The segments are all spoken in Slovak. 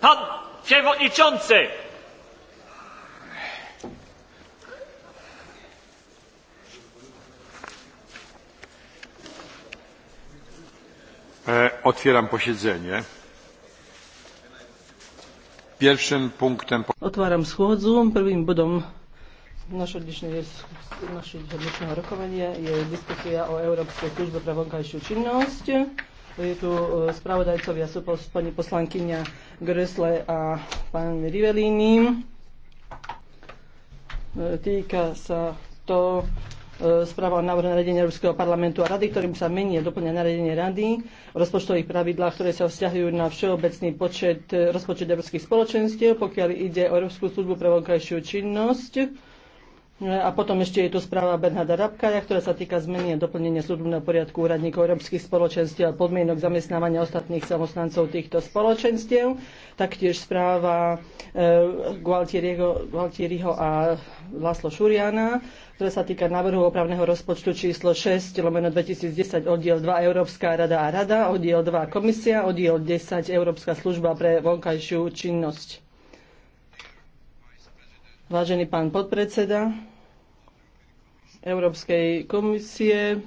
Pan przewodniczący! E, otwieram posiedzenie. Pierwszym punktem... Otváram schôdzu. Prvým bodom našho dnešného, našho dnešného rokovania je diskusia o Europejskiej Służbie Prawą vonkajšiu Czynności je tu e, spravodajcovia, sú pani poslankyňa Gresle a pán Rivelini. E, týka sa to e, správa o návrhu nariadenia Európskeho parlamentu a rady, ktorým sa mení a doplňa nariadenie rady o rozpočtových pravidlách, ktoré sa vzťahujú na všeobecný počet rozpočet európskych spoločenstiev, pokiaľ ide o Európsku službu pre vonkajšiu činnosť a potom ešte je tu správa Bernharda Rabkaja, ktorá sa týka zmeny a doplnenia súdobného poriadku úradníkov európskych spoločenstiev a podmienok zamestnávania ostatných samostancov týchto spoločenstiev. Taktiež správa e, Gualtieriho a Laslo Šuriana, ktorá sa týka návrhu opravného rozpočtu číslo 6 lomeno 2010 oddiel 2 Európska rada a rada, oddiel 2 komisia, oddiel 10 Európska služba pre vonkajšiu činnosť. Vážený pán podpredseda Európskej komisie,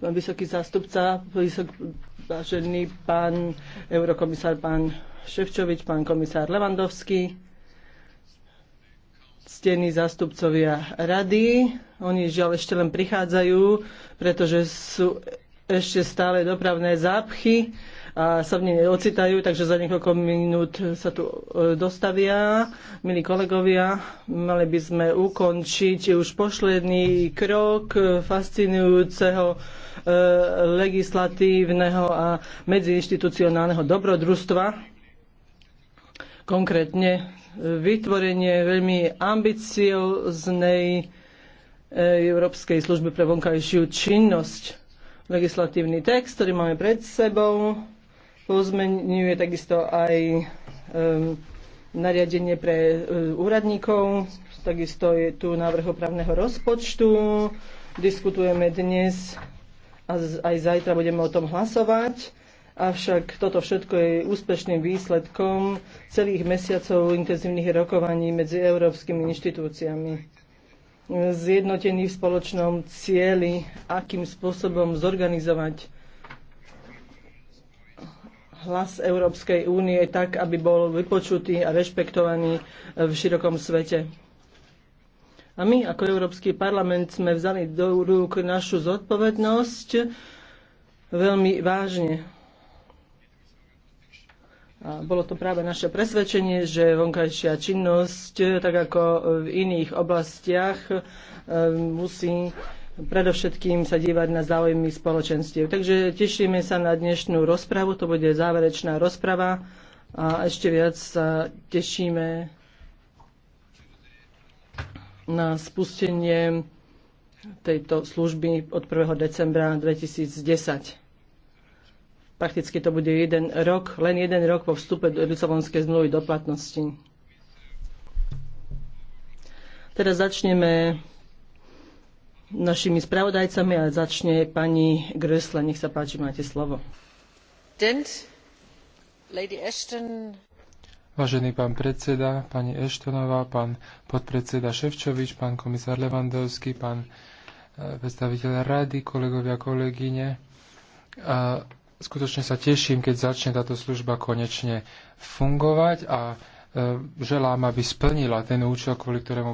pán vysoký zástupca, vysok, vážený pán eurokomisár, pán Ševčovič, pán komisár Levandovský, ctení zástupcovia rady. Oni žiaľ ešte len prichádzajú, pretože sú ešte stále dopravné zápchy a sa v nej ocitajú, takže za niekoľko minút sa tu e, dostavia. Milí kolegovia, mali by sme ukončiť už posledný krok fascinujúceho e, legislatívneho a medziinstitucionálneho dobrodružstva. Konkrétne e, vytvorenie veľmi ambicioznej Európskej služby pre vonkajšiu činnosť. Legislatívny text, ktorý máme pred sebou, pozmeňuje takisto aj um, nariadenie pre e, úradníkov, takisto je tu návrh opravného rozpočtu. Diskutujeme dnes a aj zajtra budeme o tom hlasovať. Avšak toto všetko je úspešným výsledkom celých mesiacov intenzívnych rokovaní medzi európskymi inštitúciami. Zjednotení v spoločnom cieli, akým spôsobom zorganizovať hlas Európskej únie tak, aby bol vypočutý a rešpektovaný e, v širokom svete. A my ako Európsky parlament sme vzali do rúk našu zodpovednosť veľmi vážne. A bolo to práve naše presvedčenie, že vonkajšia činnosť, tak ako v iných oblastiach, e, musí predovšetkým sa dívať na záujmy spoločenstiev. Takže tešíme sa na dnešnú rozpravu, to bude záverečná rozprava a ešte viac sa tešíme na spustenie tejto služby od 1. decembra 2010. Prakticky to bude jeden rok, len jeden rok po vstupe do Lisabonskej zmluvy do platnosti. Teraz začneme našimi spravodajcami a začne pani Grösla. Nech sa páči, máte slovo. Vážený pán predseda, pani Eštonová, pán podpredseda Ševčovič, pán komisár Levandovský, pán e, predstaviteľ rady, kolegovia, kolegyne. A e, skutočne sa teším, keď začne táto služba konečne fungovať a e, želám, aby splnila ten účel, kvôli ktorému